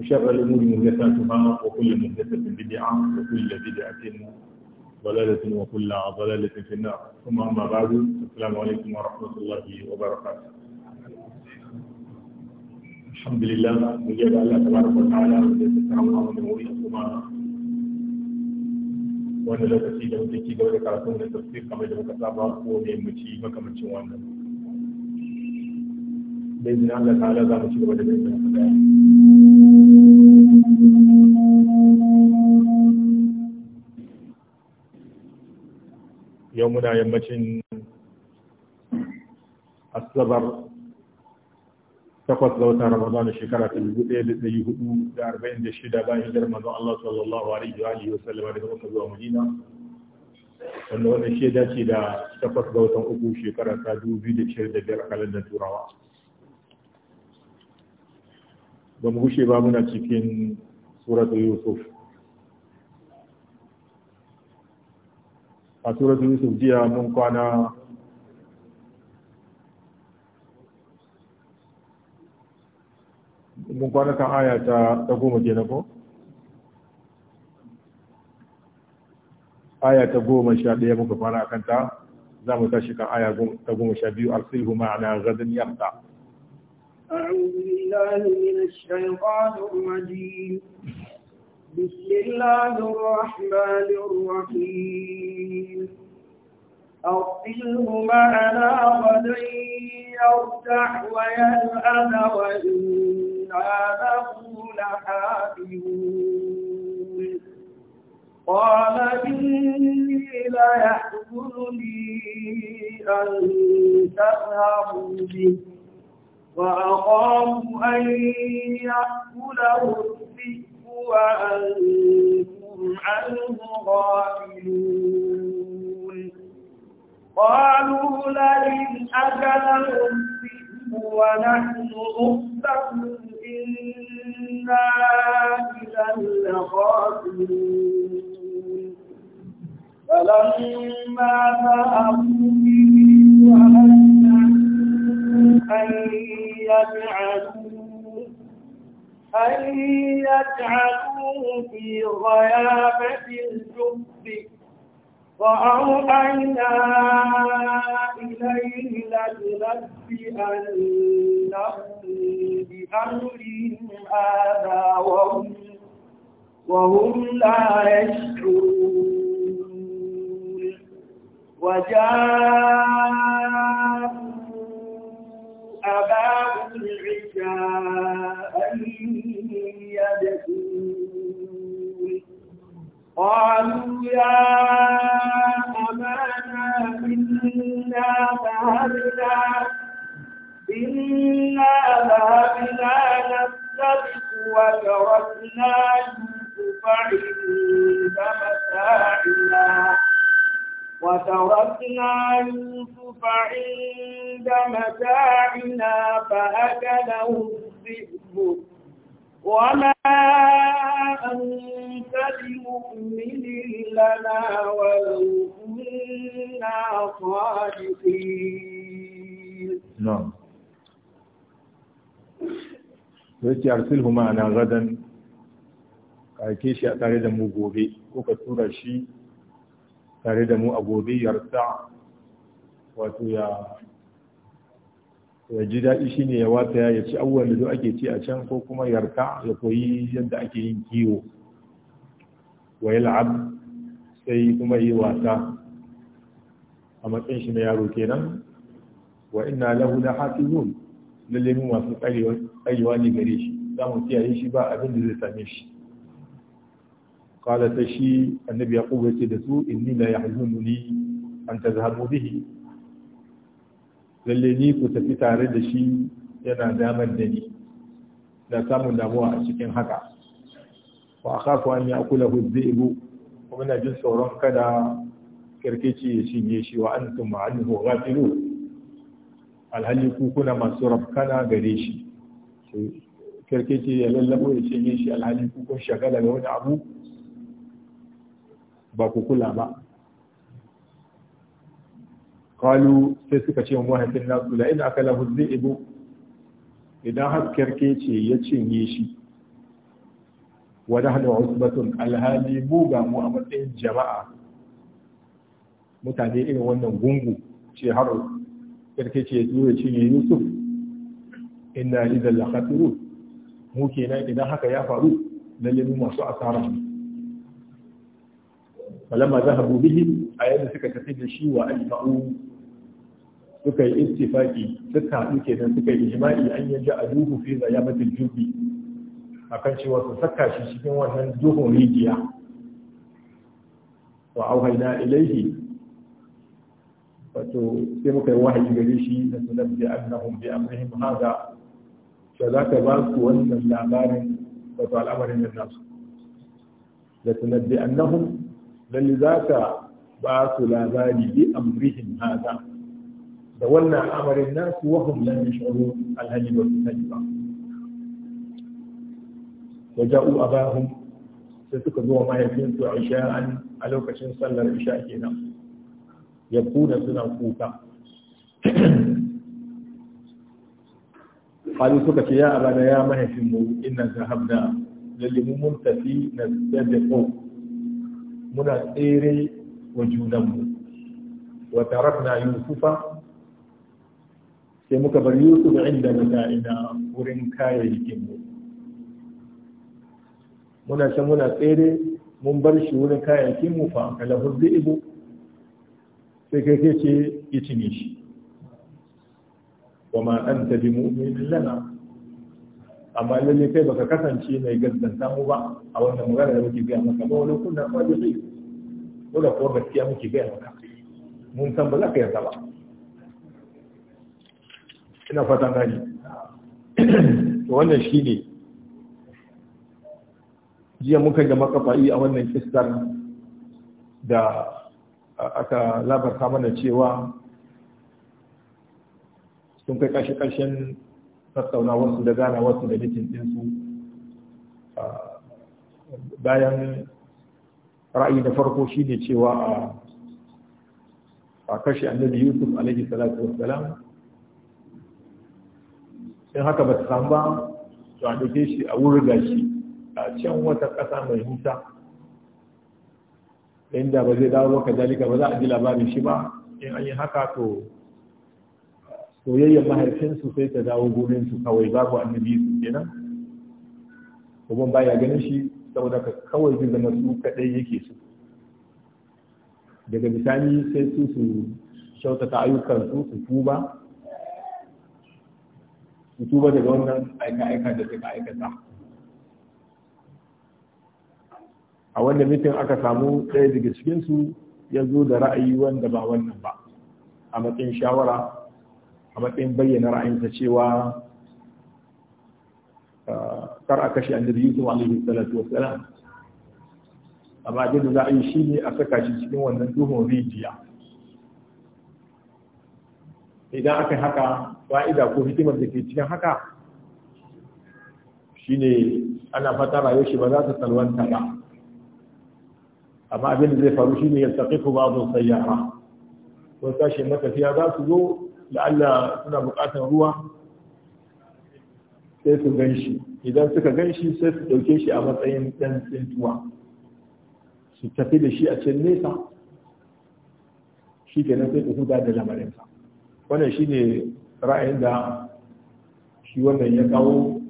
وشر الأمور محدثاتها وكل محدثة بدعة وكل بدعة ضلالة وكل ضلالة في النار ثم أما بعد السلام عليكم ورحمة الله وبركاته الحمد لله مجاب الله تبارك وتعالى وتسامح من وريكما wanda lokaci da muke ci gaba da karatun da tafsir kamar da muka saba ko ne da izinin Allah ta'ala za mu ci gaba da bayyana yau muna yammacin asabar takwas ga watan Ramadan shekara ta dubu ɗaya da ɗari hudu da arba'in da shida bayan hijirar manzon Allah sallallahu alaihi wa alihi wa sallam daga Makka zuwa Madina wanda wannan ya dace da takwas ga watan uku shekara ta dubu biyu da shida da biyar a kalandar Turawa. ba mu gushe ba muna cikin suratu yusuf a suratu yusuf jiya mun kwana mun kwana kan aya ta goma kenan ko aya ta goma sha ɗaya muka fara kanta za mu tashi kan aya ta goma sha biyu arsilhu ma'ana gadin yamta أعوذ بالله من الشيطان الرجيم بسم الله الرحمن الرحيم أرسله معنا غدا يرتع ويلأم وإنا له لحافظون قال إني ليحزنني أن تذهبوا به وأخاف أن يأكله الذئب وأنتم عنه غافلون قالوا لئن أكله الذئب ونحن غفلة إنا إذا لخاسرون فلما ذهبوا به وأن أن يجعلوه في غيابة الجب وأوحينا إليه أنهم بأمرهم هذا وهم وهم لا يشكرون وجاء أباه العشاء يدخول قالوا يا أبانا إنا ذهبنا إنا ذهبنا نستبق وتركنا يوسف عند متاعنا وتركنا يوسف عند متاعنا فأكله الذئب وما أنت بمؤمن لنا ولو كنا صادقين نعم yake arsilhu ma'ana gadan ka shi a tare da mu gobe ko ka tura shi tare da mu a gobe yarsa wato ya ya ji daɗi ne ya wata ya ci abubuwan da ake ci a can ko kuma yarka ya koyi yadda ake yin kiwo wa yal'ab sai kuma yi wasa a matsayin shi na yaro kenan wa inna lahu la hafizun lalle mu wasu tsarewa ne gare shi za mu kiyaye shi ba abin da zai same shi qala ta shi annabi yaqub yace da su inni la yahzununi an tazhabu bihi lalle ni ku tafi tare da shi yana damar da ni da samun damuwa a cikin haka wa akhafu an ya'kulahu dhi'bu kuma na jin tsoron kada kirkici ya shige shi wa antum anhu ghafilun alhali ku masu rafkana gare shi kirkici ya lallabo ya shige shi alhali kukun shagala ga wani abu ba ku kula ba kalu sai suka ce mahaifin nasu la Ina aka lahu ibo. idan ke ce ya cinye shi wa nahnu batun alhali mu ga mu a matsayin jama'a mutane irin wannan gungu ce har karke ce ya zo ya cinye yusuf inna idan la mu kenan idan haka ya faru lalle mu masu asara ne falamma zahabu bihi a yadda suka tafi da shi wa ajma'u suka yi istifaki suka haɗu kenan suka yi ijma'i an yaji a duhu fi zayamatul jubbi akan cewa su saka shi cikin wannan duhun rijiya wa auhayna ilaihi wato sai muka yi wahayi gare shi da sunan bi annahum bi amrihim hada to za ka ba su wannan labarin wato al'amarin da nasu da tunabbi annahum lalle za ka ba su labari bi amrihim haza, da wannan amarin nasu wahum lam yash'uru alhali ba su sani ba wa ja'u abahum sai suka zo wa mahaifinsu isha'an a lokacin sallar isha kenan ya kuna suna kuka qalu suka ce ya abana ya mahaifinmu inna zahabna lalle mun tafi na sadiqu muna tsere wa junanmu wa tarakna yusufa sai muka bar yusuf inda ina wurin kayayyakinmu muna can muna tsere mun bar shi wurin kayayyakin mu fa kala hurdi ibu sai kai kai ce ya cine shi wa ma anta bi mu'minin lana amma lalle kai baka kasance mai gaskanta mu ba a wannan magana da muke gaya maka ba wani kunna ba da zai ko da kuwa gaskiya muke gaya maka mun san ba za ka yarda ba ina fatan gani to wannan shine jiya muka ga makafa'i a wannan kistar da aka labarta mana cewa sun kai kashe-kashen su da ganawarsu da mitin su bayan ra'ayi da farko shine cewa a kashe annabi yusuf alaihi salatu salam, in haka ba ta samu ba to a ɗauke shi a wurga shi a can wata ƙasa mai huta, inda ba zai dawo ka dalika ba za a ji labarin shi ba in an yi haka to soyayyar mahaifinsu sai ta dawo gurinsu kawai babu annabi su kenan uban baya ganin shi saboda ka kawai zai zama su kaɗai yake su daga bisani sai su su kyautata ayyukansu su tuba su tuba daga wannan aika-aika da suka aikata a wanda mitin aka samu ɗaya daga cikinsu ya zo da ra'ayi wanda ba wannan ba a matsayin shawara a matsayin bayyana ra'ayinsa cewa kar a kashe annabi Yusuf alaihi salatu wassalam amma abin da za a yi a saka shi cikin wannan duhun rijiya idan aka haka fa'ida ko hikimar da ke cikin haka shi ne ana fata rayuwar shi ba za ta salwanta ba amma abin da zai faru shi ku ya taqifu zo sayyara ko tashi matafiya za su zo la'alla suna bukatar ruwa sai su gan shi idan suka gan shi sai su ɗauke shi a matsayin ɗan tsintuwa su tafi da shi a can nesa shi kenan sai su huda da lamarinsa wannan shi ne ra'ayin da shi wannan ya kawo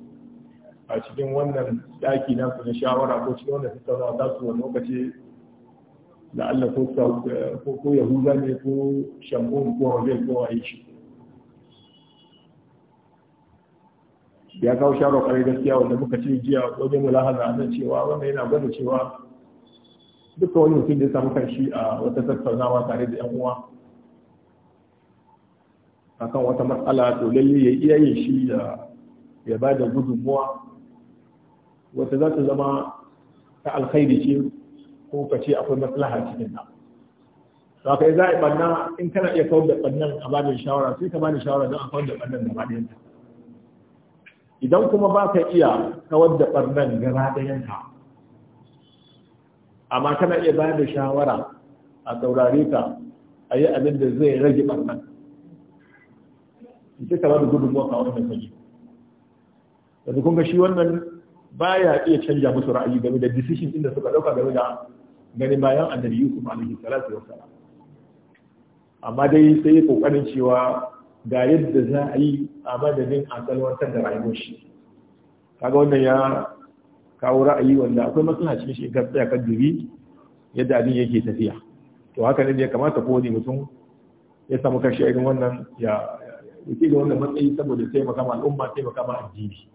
a cikin wannan daki na su na shawara ko cikin wannan tattaunawa za su wani lokaci la'alla ko yahuza ne ko shambon ko rabe ko aishi ya kawo sharo kare gaskiya wanda muka ce jiya wajen mulahaza na cewa wanda yana gwada cewa duka wani mutum da ya samu karshi a wata tattaunawa tare da yan uwa a kan wata matsala to lalle ya iya yin shi da ya ba da gudunmuwa wata za ta zama ta alkhairi ce ko ka ce akwai maslaha cikin ta to kai za a yi ɓanna in kana iya kawo da bannan a ba da shawara sai ka ba da shawara don a kawo da bannan da ba da yanta idan kuma ba ka iya kawar da ɓarnan gaba ɗayanta amma kana iya bayar da shawara a saurare ka a yi abin da zai rage ɓarnan ita kama da gudunmuwa a wannan sanyi yanzu kun shi wannan baya iya canja musu ra'ayi game da decision inda suka ɗauka game da gani bayan annabi yusuf alaihi salatu wa amma dai sai kokarin cewa ga yadda za a yi a madadin a da rayuwar shi kaga wannan ya kawo ra'ayi wanda akwai matsala cikin shi ga tsaya kan dubi yadda abin yake tafiya to haka ne ya kamata ko ne mutum ya samu kashi irin wannan ya yake da wannan matsayi saboda taimaka makama al'umma sai makama addini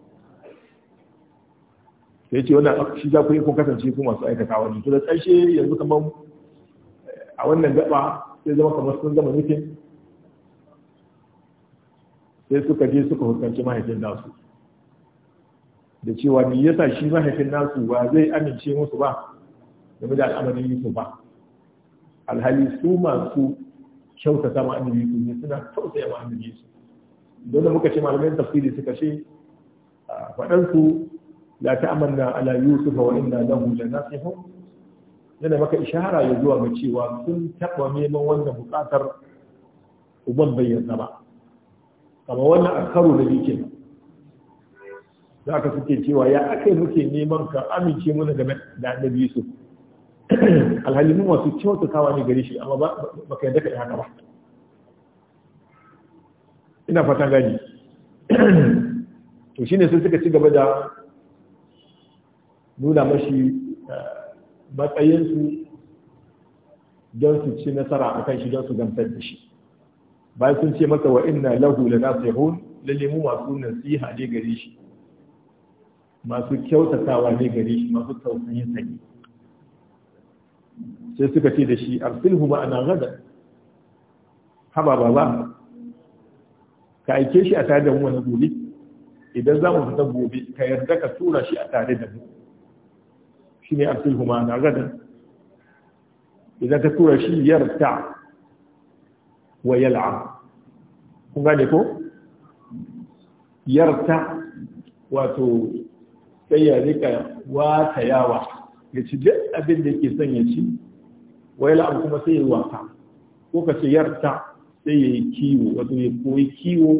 sai ce wannan shi za ku yi ko kasance ku masu aikata wani to da tsarshe yanzu kamar eh, a wannan gaba sai zama kamar sun zama nufin sai suka je suka hukunci mahaifin nasu da cewa me yasa shi mahaifin nasu ba zai amince musu ba game da al'amarin Yusuf ba alhali su masu kyautata ma annabi Yusuf ne suna kyauta ya annabi Yusuf dole muka ce malamin tafsiri suka ce Faɗansu ya ta ta'amanna ala Yusuf wa inna lahu lanasihun yana maka ishara ya zuwa ga cewa sun taɓa neman wannan buƙatar uban bayyana ba amma wannan a karo da yake da aka suke cewa ya aka muke neman ka amince mana game da annabi Yusuf alhali mu masu kyautatawa ne gare shi amma ba ka yadda ka haka ba ina fatan gani to shine sun suka ci gaba da nuna mashi eh, matsayinsu don su ci nasara a kan shi don su gamsar da shi bai sun ce masa wa inna lahu nasihun lalle mu masu nasiha ne gare shi masu kyautatawa ne gare shi masu tausayin sa ne sai suka ce da shi arsilhu ana gada haba baba ka aike shi a tare da mu wani gobe idan za mu fita gobe ka yarda ka tura shi a tare da mu shi ne arsilhu ana gada idan ka tura shi yarta wa yal'ab kun gane ko yarta wato sai ya rika yawa ya ci duk abin da yake son ya ci wa yal'ab kuma sai ya ko ka yarta sai ya yi kiwo wato ya koyi kiwo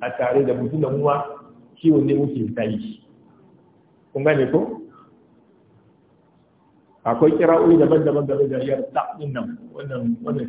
a tare da mutum da muwa kiwon ne muke tayi kun gane ko akwai kira'o'i daban-daban game da yarta din wannan wannan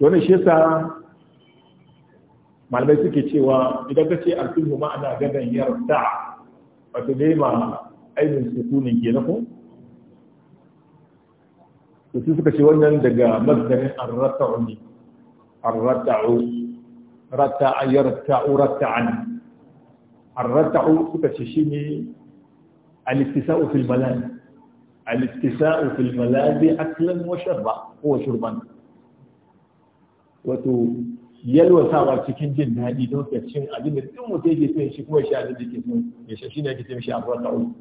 to shi yasa malamai suke cewa idan ka ce alfihu ma'ana gadan yarta wato dai ma ainihin sukunin ke ko to su suka ce wannan daga mazdarin arrata'u ne arrata'u rata'a yarta'u rata'an arrata'u suka ce shine al-istisa'u fil malad al-istisa'u fil malad aklan wa sharba ko shurban wato yalwatawa cikin jin daɗi don ka cin abin da duk mutum yake son shi kuma shi abin da yake son ya shi shine ake cin shi a farka uku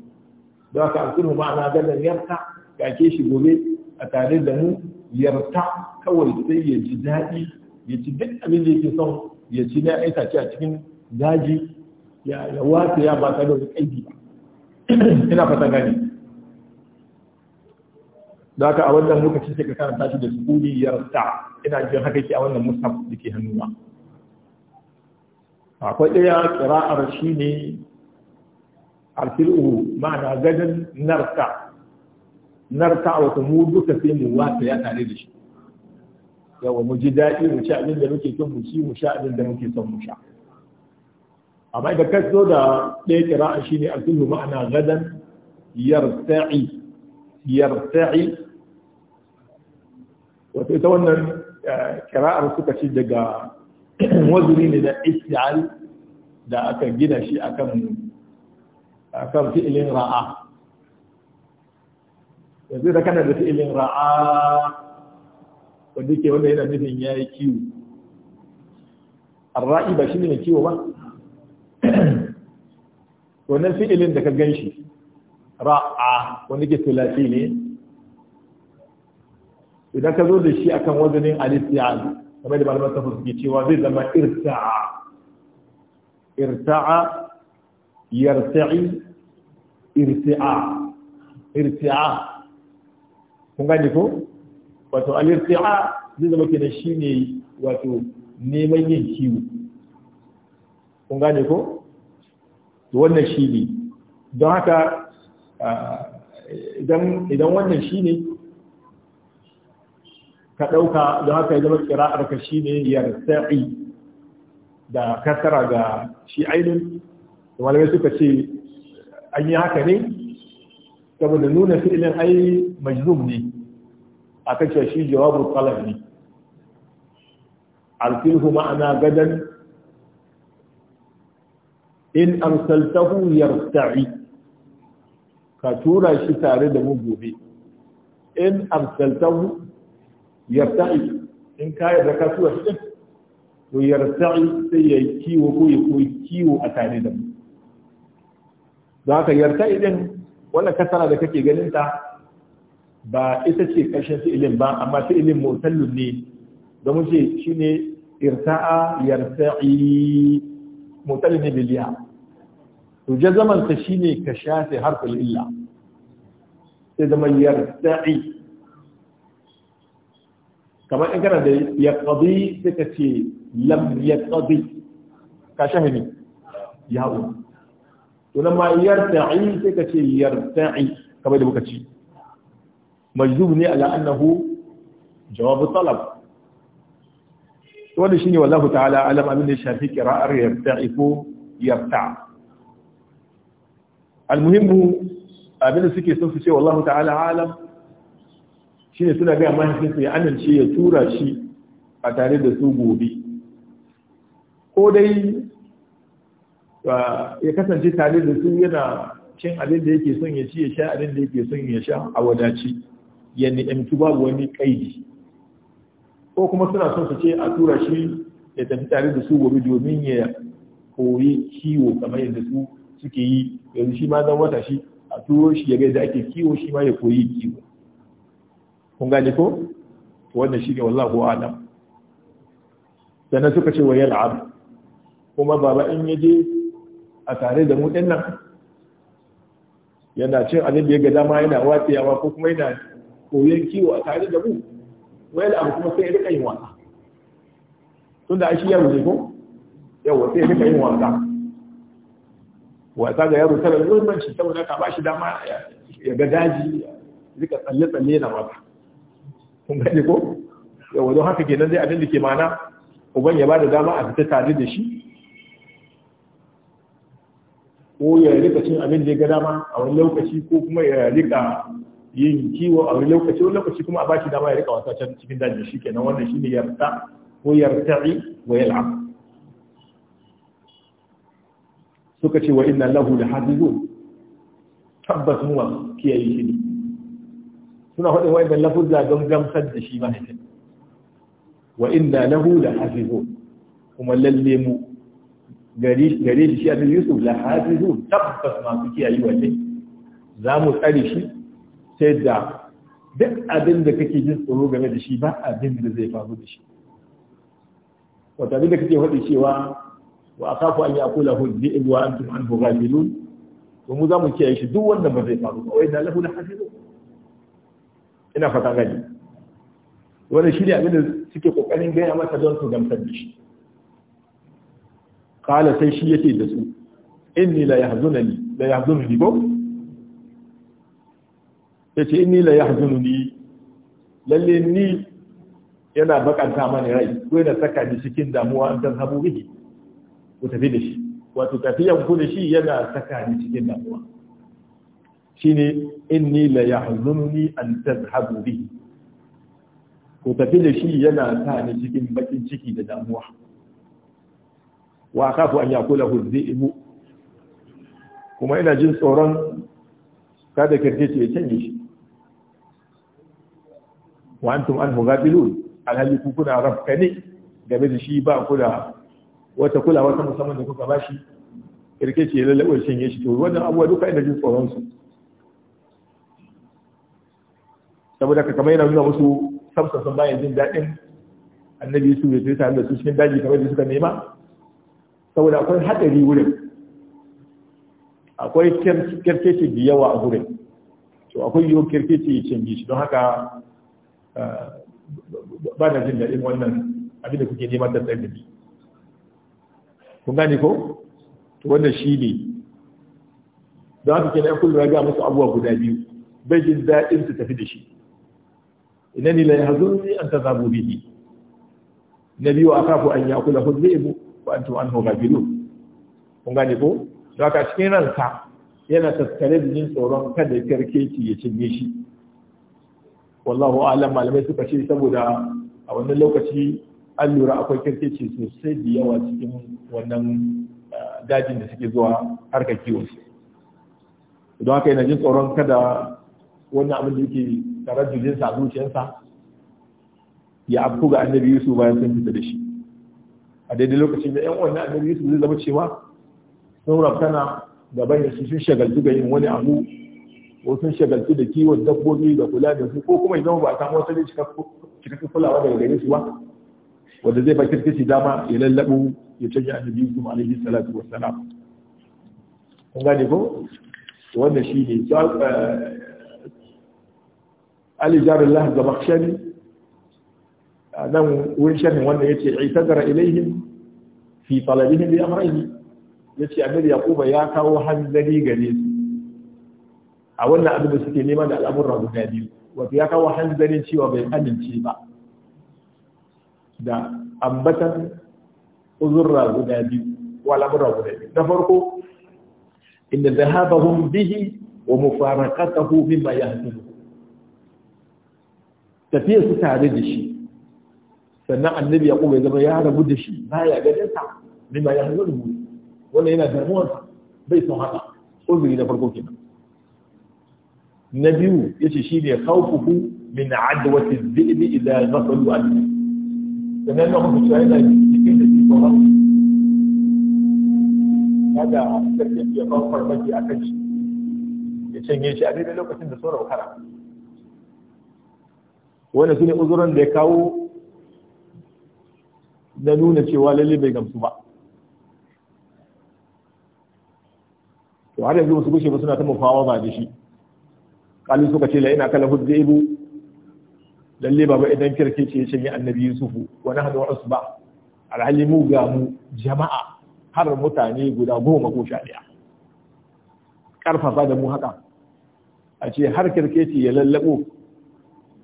don haka ba na ganin yarta ga ke shi gobe a tare da mu yarta kawai sai ya ji daɗi ya ci duk abin da yake son ya ci na itace a cikin daji ya wata ya ba ta da wani aiki ina fata gani da haka a wannan lokacin sai ka karanta shi da sukuni ya rasta ina jin haka ke a wannan musaf da ke hannuna akwai ɗaya ƙira'ar shi ne alfil'u ma'ana gadon narka narka wata mu duka sai mu wata ya tare da shi yawa mu ji daɗi mu ci abin da muke son mu ci mu sha abin da muke son mu sha amma idan ka zo da ɗaya ƙira'ar shi ne alfil'u ma'ana gadon yarta'i yarta'i wata ita wannan eh, kira'ar suka ci daga wazuri ne da isti'al da aka gina shi akan kan fi'ilin ra'a yanzu da kana da fi'ilin ra'a wanda ke wanda yana nufin ya yi kiwo an ra'i ba shi ne mai kiwo ba wannan fi'ilin da ka gan shi ra'a wanda ke tulafi ne idan ka zo da shi akan wazanin al kamar da malamar tafsir suke cewa zai zama irta'a irta'a yarta'i irta'a irta'a kun gane ko wato alirta'a zai zama kenan ne wato neman yin kiwo kun gane ko wannan shi ne don haka ah, idan wannan shi ne ka ɗauka don haka ya zama kira'ar ka shi ne yar yarsa'i da kasara ga shi ainihin malamai suka ce an yi haka ne saboda nuna fi'ilin ai majzum ne a kace shi jawabu talab ne arsilhu ma'ana gadan in yar yarta'i ka tura shi tare da mu gobe in arsaltahu yarta'i in ka yarda ka suwa shi din to yarta'i sai ya yi kiwo ko ya koyi kiwo a tare da mu don haka yarta'i din wannan kasara da kake ganin ta ba ita ce ƙarshen ilim ba amma ilim mutallun ne domin ce shine irta'a yarta'i mutallun ne biliya to jazaman ta shine ka shafe harfin illa sai zama yarta'i kamar in kana da ya qadi sai ka ce lam ya qadi ka ne ya hau. Tuna nan ma yarta'i sai ka ce yarta'i kamar da muka ci majzub ne ala annahu jawab talab to wannan shine wallahu ta'ala alam abin da shafi qira'ar yarta'i ko yarta' al-muhimmu abin da suke son su ce wallahu ta'ala alam shine suna gaya mahaifinsa ya amince ya tura shi a tare da su gobe ko dai ya kasance tare da su yana cin abin da yake son ya ci ya sha abin da yake son ya sha a wadaci ya ni'amci babu wani kaidi ko kuma suna son su ce a tura shi ya tafi tare da su gobe domin ya koyi kiwo kamar yadda su suke yi yanzu shi ma zan wata shi a turo shi ya ga yadda ake kiwo shi ma ya koyi kiwo kun gane ko wannan ne wallahu a'lam sannan suka ce wa yal'ab kuma baba in yaje a tare da mu din nan yana cin abin da ya ga dama yana watsiyawa ko kuma yana koyon kiwo a tare da mu wa yal'ab kuma sai ya rika yin wasa tun da shi yaro ne ko yawa sai ya rika yin wasa wasa ga yaro tara muhimmanci saboda ka ba shi dama ya ga daji rika tsalle-tsalle na wata kun gane ko yawa don haka kenan zai abin da ke mana uban ya ba da dama a fita tare da shi ko ya rika cin abin da ya ga dama a wani lokaci ko kuma ya rika yin kiwo a wani lokaci wani lokaci kuma a ba shi dama ya rika wasa can cikin daji shi kenan wannan shi ne yarta ko yarta'i wa yal'am suka ce wa inna lahu lahafizun tabbas mu kiyaye shi suna faɗin wa'annan lafuzza don gamsar da shi mahaifin wa da lahu la hafizu kuma lalle mu gare shi annabi Yusuf la hafizu tabbas masu kiyaye wace za mu tsare shi sai da duk abin da kake jin tsoro game da shi ba abin da zai faru da shi wata abin da kake faɗi cewa wa akafu an yaqula hu dhi'b wa antum anhu ghafilun to mu za mu kiyaye shi duk wanda ba zai faru ba wai da lahu la hafizu ina fata gani wanda shi ne abinda suke kokarin gaya mata don su gamsar da shi kala sai shi yake da su inni la yahzunani la yahzununi ko yace inni la yahzununi lalle ni yana bakanta mani rai ko yana saka ni cikin damuwa an san habu bihi ku tafi da shi wato tafiyan ku da shi yana saka ni cikin damuwa shine inni la yahzunni an tadhhabu bihi ko tafi da shi yana sa ni cikin bakin ciki da damuwa wa akafu an yakulahu dhi'bu kuma ina jin tsoron kada kirkice ya canje shi wa antum alhali ku kuna game da shi ba ku da wata kulawa musamman da kuka bashi ya shi to wannan abuwa duka ina jin tsoron su saboda ka kamar yana nuna musu samsa sun bayan jin daɗin annabi su bai tare da su cikin daji kamar da suka nema saboda akwai haɗari wurin akwai kirkeci da yawa a wurin to akwai yiwu kirkeci ya canji shi don haka eh, ba na jin daɗin wannan abin da kuke neman da ni kun gane ko to wannan shi ne don haka kenan kullum ya ga musu abubuwa guda biyu bai jin daɗin su tafi da shi inani la yahzunni an tadhabu bihi nabi wa akafu an yakula hudhibu wa antum anhu ghafilun kun gane ko don haka cikin ranka yana tattare da jin tsoron kada karkeci ya cinye shi wallahu alam malamai suka ce saboda a wannan lokaci an lura akwai kirkeci sosai da yawa cikin wannan dajin da suke zuwa harkar kiwon su don haka yana jin tsoron kada wannan abin da yake sa a zuciyarsa ya afku ga annabi yusu bayan sun fita da shi a daidai lokacin da yan uwan annabi yusu zai zama cewa sun rafkana gaban yasu sun shagaltu ga yin wani abu ko sun shagaltu da kiwon dabbobi da kula da su ko kuma idan ba a samu wata ne cikakken kulawa daga gare su ba wanda zai ba kirkici dama ya lallabo ya canja annabi yusuf alaihi salatu wassalam kun gane ko wannan shi ne ali jarullah da bakshari nan wurin sharhin wanda yace itazara ilaihim fi talabihim bi amrihi yace annabi yaquba ya kawo hanzari gare su a wannan abin da suke nema da al'amuran guda biyu wato ya kawo hanzarin cewa bai amince ba da ambatan uzurra guda biyu wa al'amuran guda biyu na farko inda zahabahum bihi wa mufaraqatahu mimma yahtubu tafiya su tare da shi sannan annabi ya kuma zama ya rabu da shi ba ya gajen ta ne ma ya hanzu da mu wannan yana damuwar bai son haka uzuri na farko kenan na biyu ya ce shi ne khawfuhu min adwati ya idha ghasalu an sannan na hukunci yana cikin da cikin sauran kada sarki ya kawo farmaki a kan shi ya canye shi a daidai lokacin da sauran kara wanda su ne uzuran da ya kawo da nuna cewa lalle bai gamsu ba to har yanzu musu gushe ba suna ta mafawa ba da shi kalu suka ce la kala kala ibu lalle ba idan kirki ce ya shanye annabi yusufu wani wa asu ba. alhali mu ga mu jama'a har mutane guda goma ko sha ɗaya karfafa da mu haka a ce har kirkeci ya lallabo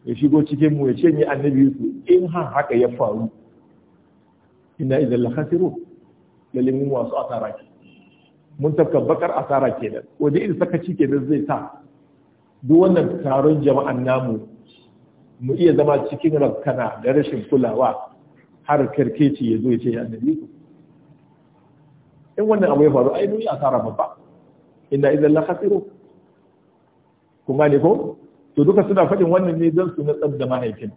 ya shigo cikin mu ya ce ni annabi su in ha haka ya faru inna idan la khasiru lalle mun wasu asara ke mun tafka bakar asara kenan waje saka cike da zai sa duk wannan taron jama'an namu mu iya zama cikin rakkana da rashin kulawa har karkeci ya zo ya ce ya annabi in wannan abu ya faru ai mun yi asara babba inna idan la khasiru kuma ne ko to duka suna faɗin wannan ne don su natsar da mahaifin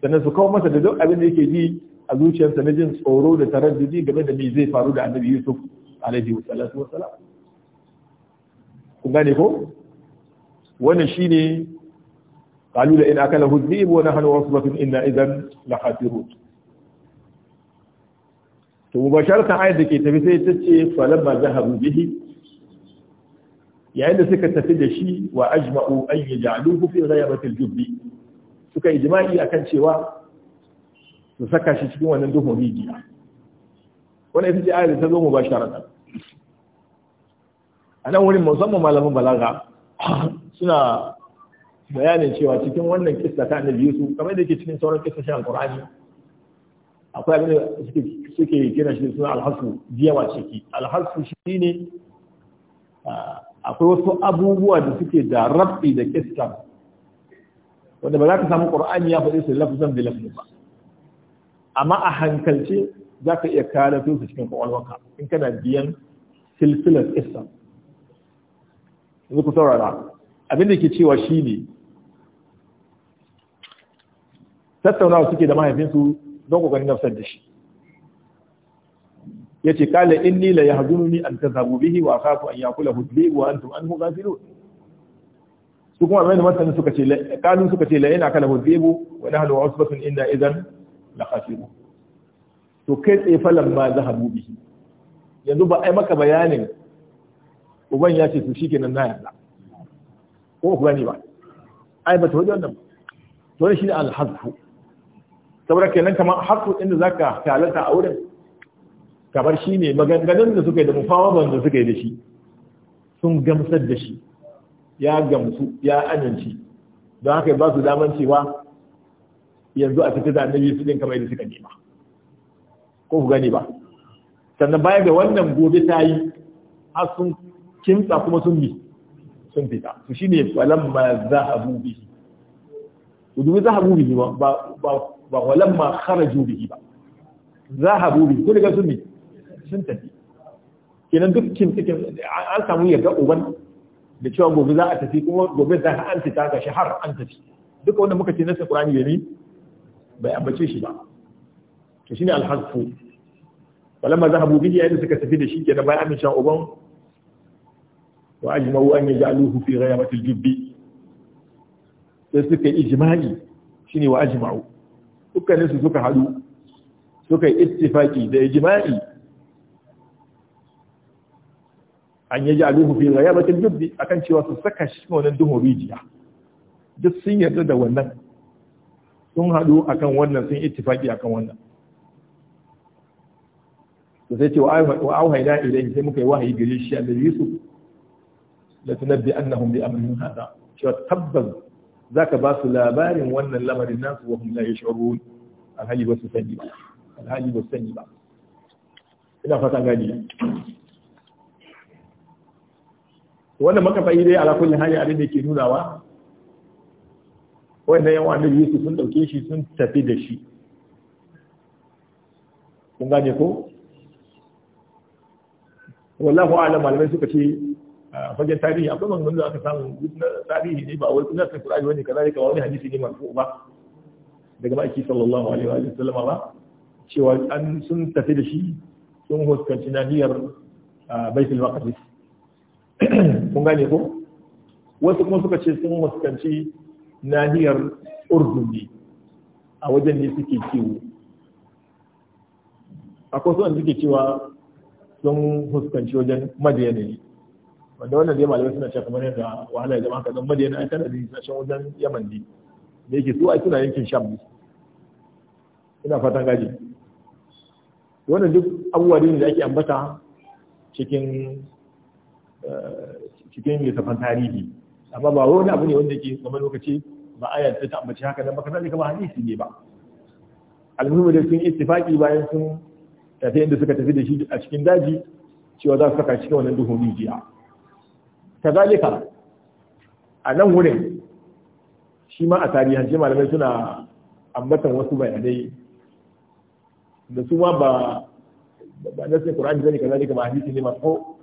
sannan su kawo masa da duk abin da yake ji a zuciyarsa na jin tsoro da taraddudi game da me zai faru da annabi yusuf alaihi wasallatu wassalam kun gane ko wannan shine qalu la in akala hudhib wa nahnu wasbatun inna idan la hatirut to mubasharatan ayat da ke tafi sai ta ce falamma zahabu bihi yayin da suka tafi da shi wa ajma'u an yaj'aluhu fi ghayabatil jubbi suka yi jima'i a kan cewa su saka shi cikin wannan duhun rijiya Wani ita ce ayar da ta zo mu ba sharatan a nan wurin musamman malamin balaga suna bayanin cewa cikin wannan kista ta annabi yusu kamar da yake cikin sauran kista shi alqur'ani akwai abin da suke gina shi suna alhasu jiyawa ciki alhasu shine akwai wasu abubuwa da suke da rabbi da kistan wanda ba za ka samu ƙur'ani ya faɗi su lafisan da lafzan ba amma a hankalce za ka iya kare su cikin kwakwalwarka in kana biyan silsilar kistan yanzu ku saurara abinda ke cewa shi ne tattaunawa suke da mahaifinsu don kokarin nafsar da shi yace kala inni la yahzununi an tazabu bihi wa akhafu an yakulahu dhib wa antum anhu ghafilun su kuma bayan ne suka ce kalu suka ce la yana kala hudhibu wa nahnu usbatun inna idan la khafilu to kai tsaye falan ma zahabu bihi yanzu ba ai maka bayanin uban ya ce to shikenan na yarda ko ku gani ba ai ba ta wajen wannan to shi ne al-hazfu saboda kenan kamar hakku inda zaka halalta a wurin kamar shi ne maganganun da suka yi da mufawaman da suka yi da shi sun gamsar da shi ya gamsu ya amince don haka ba su daman cewa yanzu a cikin zane annabi su din kamar yadda suka nema ko ku gani ba sannan bayan da wannan gobe ta yi har sun kimtsa kuma sun bi sun fita su shi ne falamma zahabu bihi ku dubi zahabu bihi ba ba walamma kharaju bihi ba zahabu bihi ko daga sun bi sun tafi kenan duk cikin an samu yarda uban da cewa gobe za a tafi kuma gobe za a an fita ga shahar an tafi duka wanda muka ce nasa qur'ani ne bai ambace shi ba to shine al-hazfu falamma zahabu bihi yayin suka tafi da shi ke da bayan amincewa uban wa ajma'u an yaj'aluhu fi ghayabati al-jubbi sai suka yi ijma'i shine wa ajma'u dukkanin su suka hadu suka yi ittifaqi da ijma'i an yaji aluhu fi dubbi a kan cewa su saka shi wannan duhun rijiya duk sun yarda da wannan sun haɗu a kan wannan sun a kan wannan Su sai ce wa auhayna idan sai muka yi wahayi gari shi annabi Yusuf la tunabbi annahum bi amrin hada cewa tabbas ka ba su labarin wannan lamarin nasu wa hun laye yash'urun alhali ba su sani ba alhali ba su sani ba ina fata gani wanda maka fa'i dai ala kulli hali abin da ke nunawa wanda yawan annabi Yusuf sun dauke shi sun tafi da shi kun gane ko wallahu a'lam malamai suka ce a fagen tarihi akwai wani wanda aka samu na tarihi ne ba wai kuma ta Qur'ani wani kaza ka wani hadisi ne marfu ba daga ma'aiki sallallahu alaihi wa sallam ba cewa an sun tafi da shi sun huskanci nahiyar baitul maqdis kun gane ko wasu kuma suka ce sun muskanci nahiyar urduni a wajen ne suke kiwo akwai su suke cewa sun fuskanci wajen madiyana ne wanda wannan zai malamai suna cewa kamar yadda wahala ya zama haka don madiyana ai tana da sashen wajen yaman ne da yake su ai suna yankin sham ne ina fatan gaji wannan duk abubuwa ne da ake ambata cikin cikin littafan tarihi amma ba wani abu ne wanda ke kamar lokaci ba aya ta ambaci haka nan ba kamar ne kamar hadisi ne ba almuhimu da sun ittifaki bayan sun tafi inda suka tafi da shi a cikin daji cewa za su saka cikin wannan duhun rijiya zalika a nan wurin shi ma a tarihance malamai suna ambatan wasu bayanai da su ma ba ba sai qur'ani bane kazalika ba hadisi ne ma ko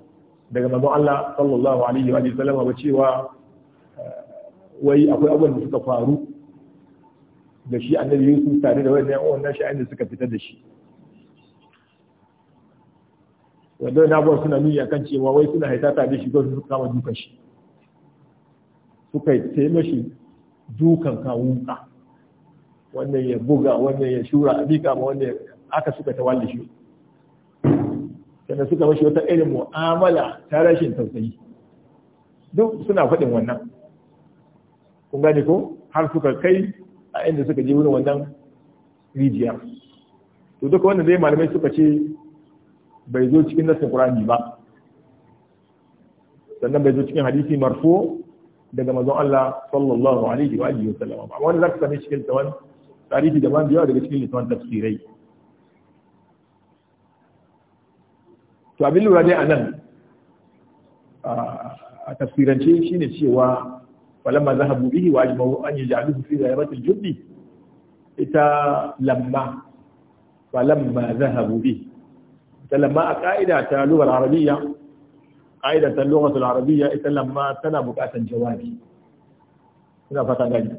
daga manzon Allah sallallahu alaihi wa sallama ba cewa eh, wai akwai abubuwan da suka faru da shi annabi Yusuf tare da wannan yawan nashi ayin da suka fitar da shi wanda na abubuwan suna nuni akan cewa wai suna haita ta da shi ko su kama dukan shi suka yi mashi dukan kawunka wannan ya buga wannan ya shura a bika ma wannan aka suka tawalli shi sannan suka mashi wata irin mu'amala ta rashin tausayi duk suna faɗin wannan kun gane ko har suka kai a inda suka je wurin wannan rijiya to duka wannan dai malamai suka ce bai zo cikin nasin qur'ani ba sannan bai zo cikin hadisi marfu daga manzon Allah sallallahu alaihi wa alihi wa sallam amma wannan zaka sami cikin tawan tarihi daban da biya daga cikin littafin tafsirai to abin lura dai a nan a tafsirance shine cewa falamma zahabu bihi wa ajma'u an yaj'aluhu fi ghayratil jubbi ita lamma falamma zahabu bihi ita lamma a ka'ida ta lugar arabiyya ka'ida ta lugar arabiyya ita lamma tana bukatan jawabi ina fata gani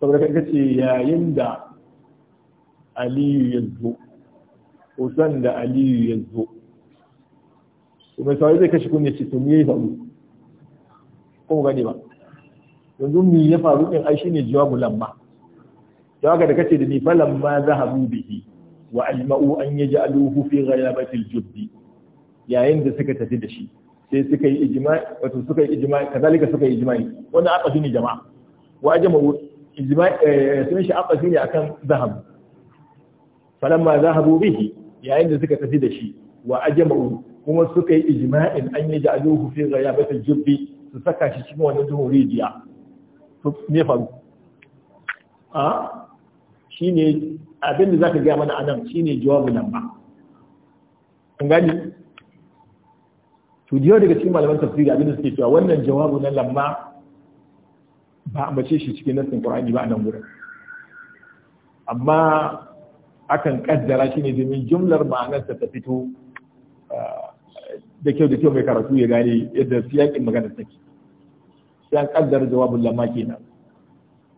saboda kaga ce yayin da aliyu ya zo Usan da Aliyu ya zo. To mai sauri zai kashe kunya ce to me ya faru? Ko gani ba. Yanzu me ya faru din ai shine jawabu lamma. Jawaga da kace da ni falan ma zahabu bihi wa ajma'u an yaj'aluhu fi ghayabati al-jubbi. Yayin da suka tafi da shi sai suka yi ijma'i wato suka yi ijma'i kazalika suka yi ijma'i wannan aka ne jama'a wa ajma'u ijma'i eh, sun shi aka ne akan zahabu falamma zahabu bihi yayin da suka tafi da shi wa ajma'u kuma suka yi ijma'in an yi ja'aluhu fi ghayabati jubbi su saka shi cikin wannan duhun rijiya to me faru a shine abin da zaka ga mana anan shine jawabin nan ba an gani to diyo daga cikin malaman tafsiri abin da suke cewa wannan jawabu na lamma ba a bace shi cikin nasin qur'ani ba a nan gurin amma akan kaddara shi ne domin jumlar ma'anarsa ta fito da kyau da kyau mai karatu ya gane yadda siyakin magana take sai an kaddara jawabin lamma kenan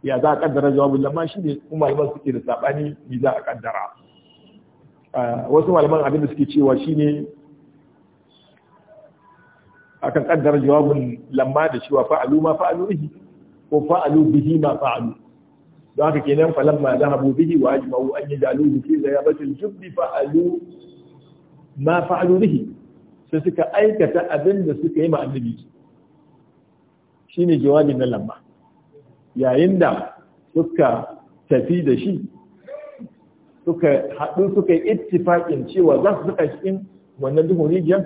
ya za a kaddara jawabin lamma shi ne kuma malaman suke da sabani ni za a kaddara wasu malaman abin da suke cewa shi ne akan kaddara jawabin lamma da cewa fa'alu ma fa'alu ko fa'alu bihi ma fa'alu don haka kenan falamma zahabu bihi wa ajma'u an yajaluhu fi zayabatil jubbi fa'alu ma fa'alu bihi sai suka aikata abin da suka yi ma annabi shine jawabin na lamma yayin da suka tafi da shi suka haɗu suka yi ittifaƙin cewa za su suka cikin wannan duhun rijiyar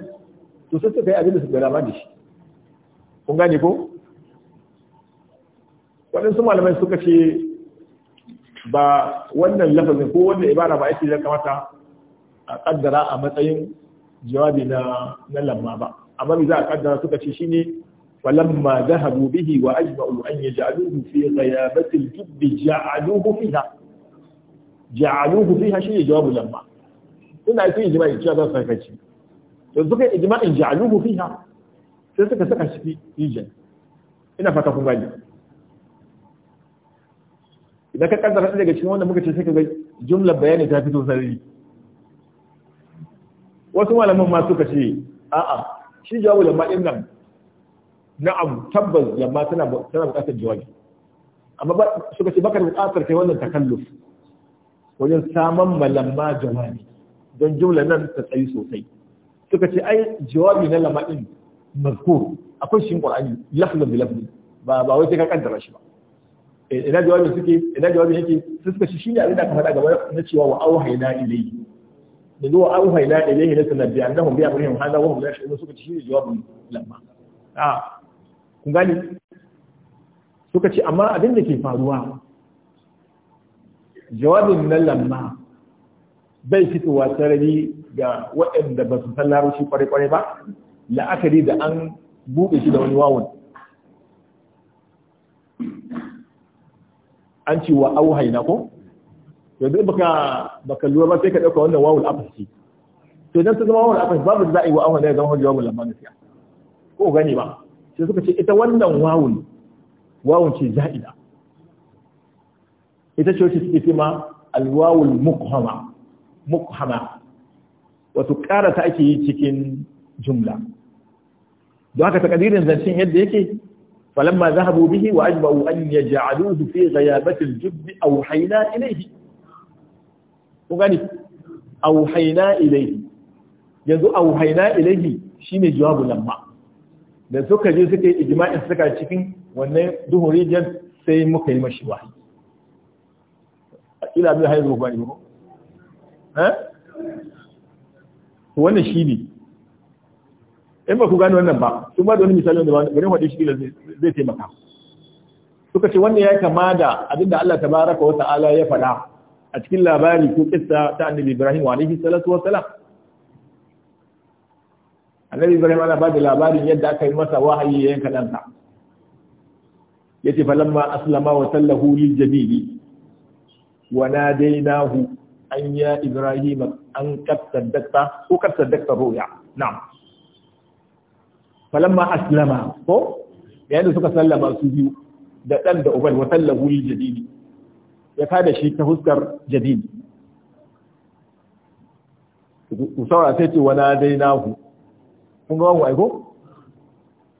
to sai suka yi abin da suka rama da shi kun gane ko waɗansu malamai suka ce ba wannan lafazin ko wannan ibara ba ake ya kamata a kaddara a matsayin jawabi na na lamma ba amma za a kaddara suka ce shine falamma dhahabu bihi wa ajma'u an yaj'aluhu fi ghayabati al-jubb ja'aluhu fiha ja'aluhu fiha shine jawabu lamma ina yi ijma'i cewa za su saka shi to suka ijma'in ja'aluhu fiha sai suka saka shi fi ijma'i ina fata kun gani idan ka kaddara daga cikin wanda muka ce sai ka ga jumla bayani ta fito sarari wasu malaman ma suka ce a'a shi jawabu lamma din nan na'am tabbas lamma tana tana bukatar jawabi amma ba suka ce baka bukatar kai wannan takalluf wajen saman malamma jawabi don jumla nan ta tsayi sosai suka ce ai jawabi na lamma din mazkur akwai shi qur'ani lafzan bi lafzi ba ba wai sai ka kaddara shi ba Eh, ina jawabin suke ina jawabin yake sai suka ci shine abin da aka faɗa gaba na cewa wa auhayna ilayhi da zuwa auhayna ilayhi la tunabbi annahum bi amrihim hadha wa hum la yashurun suka ci shine jawabin lamma a kun gani suka ce amma abin da ke faruwa jawabin na lamma bai fitowa sarari ga waɗanda ba su san larabci kwarai-kwarai ba la'akari da an buɗe shi da wani wawan an ce wa na ko yanzu baka baka lura ba sai ka dauka wannan wawul afsi to idan ta zama wawul afsi babu da za'i yi wa auhai da zama jawabul lamma siya ko gani ba sai suka ce ita wannan wawul wawun ce za'ida ita ce wacce suke cema alwawul mukhama mukhama wato ƙara ta ake yi cikin jumla don haka takadirin zancen yadda yake فلما ذهبوا به وأجبأوا أن يجعلوه في غيابة الجب أوحينا إليه وغني أوحينا إليه yanzu auhaina ilaihi shine jawabu lamma da suka je suka yi ijma'in suka cikin wannan duhun rijiyar sai muka yi mashi wahayi ila bi haizu ba in ba ku gane wannan ba sun ba da wani misali wanda bari faɗi shi zai taimaka suka ce wannan ya kama da abinda Allah tabaraka wa ta'ala ya faɗa a cikin labari ko kissa ta annabi Ibrahim wa alaihi salatu wa wassalam annabi Ibrahim ana ba da labarin yadda aka yi masa wahayi ya yanka ɗansa yace falamma aslama wa sallahu lil jabili wa nadainahu an ya Ibrahim an qad saddaqta ko qad saddaqta ruya na'am falamma aslama ko yayin da suka sallama su biyu da dan da uban wasallahu lil jadid ya kada shi ta huskar jadid ku saura sai ce wala dai nahu kun ga wani aiko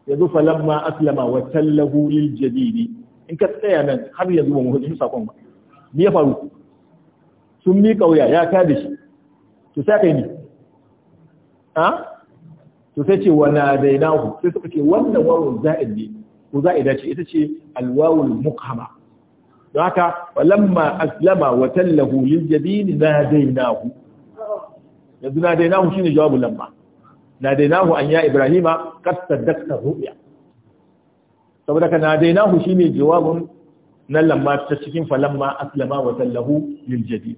yanzu falamma aslama wa sallahu lil jadid in ka tsaya nan har yanzu ban mu hudu sakon ba me ya faru sun mi kauya ya kada shi to sai kai ni ha ah? to sai ce wana Nahu sai suka ce wannan wawun za'id ne ko za'ida ce ita ce alwawul muqhama don haka falamma aslama wa tallahu lil jabin nahu? yanzu Nahu shine jawabu lamma nadainahu an ya ibrahima qad saddaqta ru'ya saboda ka Nahu shine jawabun na lamma ta cikin falamma aslama wa tallahu lil jabin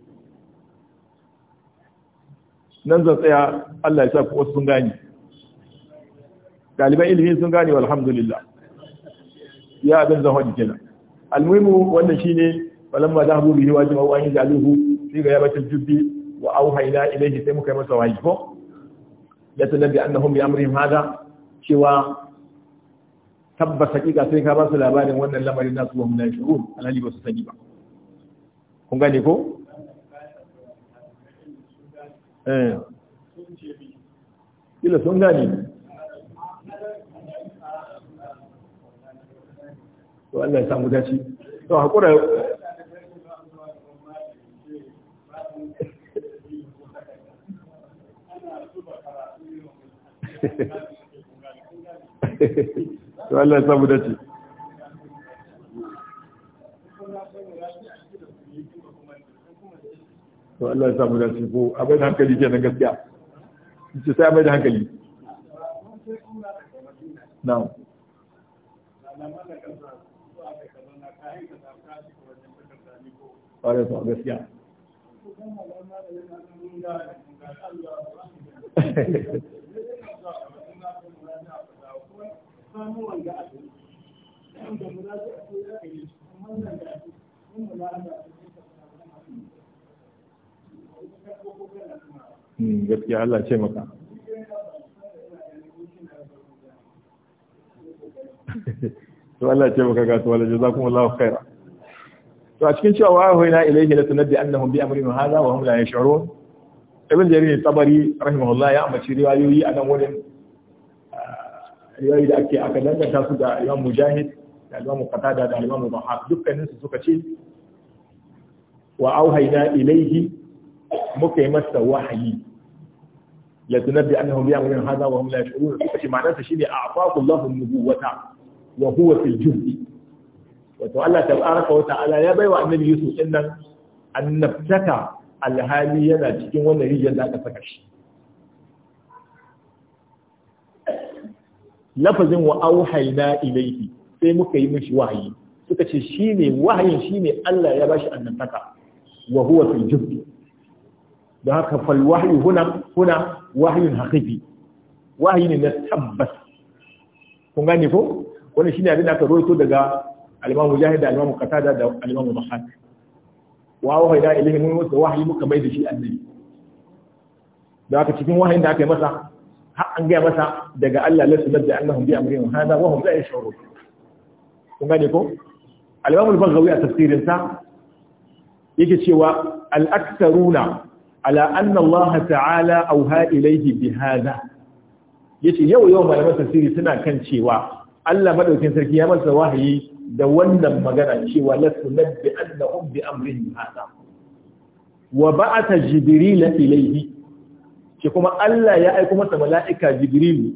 nan zan tsaya Allah ya sa ku wasu sun gani ɗaliban ilimin sun gane alhamdulillah ya abin hajji kenan almuhimu wannan shine falamma zahabu bihi wa jama'u an yajaluhu fi Yabatul, jubbi wa ila ilayhi sai muka yi masa wahayi ko ya tanabbi annahum bi amrihim hada cewa tabbas hakika sai ka ba su labarin wannan lamarin nasu wa hum la alhali ba su sani ba kun gane ko eh kila sun gane to Allah ya samu dace to hakura to Allah ya samu dace to Allah ya samu dace ko abai da hankali kenan gaskiya ce sai abai da hankali na'am ƙwarar su a gaskiya hmm, gaskiya Allah ce maka to Allah ce maka ga tuwala jazakumullahu khaira to a cikin cewa wa hoina ilaihi la tunabbi annahum bi amrin hadha wa hum la yash'urun ibn jarir tabari rahimahullah ya ambaci riwayoyi a nan wurin riwayoyi da ake aka danganta su da imam mujahid da imam qatada da imam dhahab dukkanin su suka ce wa auhayna ilaihi muka yi masa wahayi la tunabbi annahum bi amrin hadha wa hum la yash'urun suka ma'anarsa shine a'faqu nubuwata wa huwa fil juhdi wato Allah tabaraka wa ta'ala ya baiwa annabi Yusuf din nan annabtaka alhali yana cikin wannan rijiyar da aka saka shi lafazin wa auhayna ilayhi sai muka yi mishi wahayi suka ce shine wahayin shine Allah ya bashi annabtaka wa huwa fil jubbi da haka fal wahyi huna huna wahyin haqiqi wahyi ne na tabbas kun gane ko wannan shine abin da aka roito daga al-imamu da al-imamu da al-imamu bahak wa wa ila ilayhi mun musu wahayi muka bai da shi annabi da aka cikin wahayin da aka yi masa har an gaya masa daga Allah la sunadda annahum bi amrin hada wa hum la yashurun kun gane ko al-imamu al a tafsirin sa yake cewa al-aktharuna ala anna Allah ta'ala auha ilayhi bi hada yace yau yau malaman tafsiri suna kan cewa Allah madaukin sarki ya masa wahayi da wannan magana cewa lasu nabbi annahum bi amrin hada wa ba'ata jibril ilayhi shi kuma Allah ya aika masa mala'ika jibril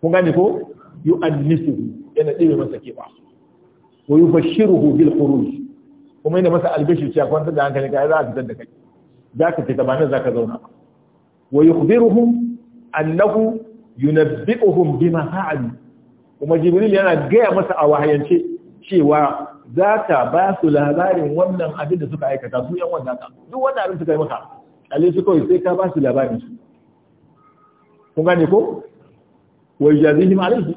kun gane ko yu'annisuhu yana dire masa kiba wa yubashshiruhu bil khuruj kuma yana masa albashir cewa kwanta da hankali ka za ka fitar da kai za ka fita ba za ka zauna wa yukhbiruhum annahu yunabbi'uhum bima fa'alu kuma jibril yana gaya masa a wahayance cewa za ta ba su labarin wannan abin da suka aikata su yan wannan ka duk wannan abin suka yi maka alai su kawai sai ka ba su labarin su kun gane ko wa yajazihim alaihi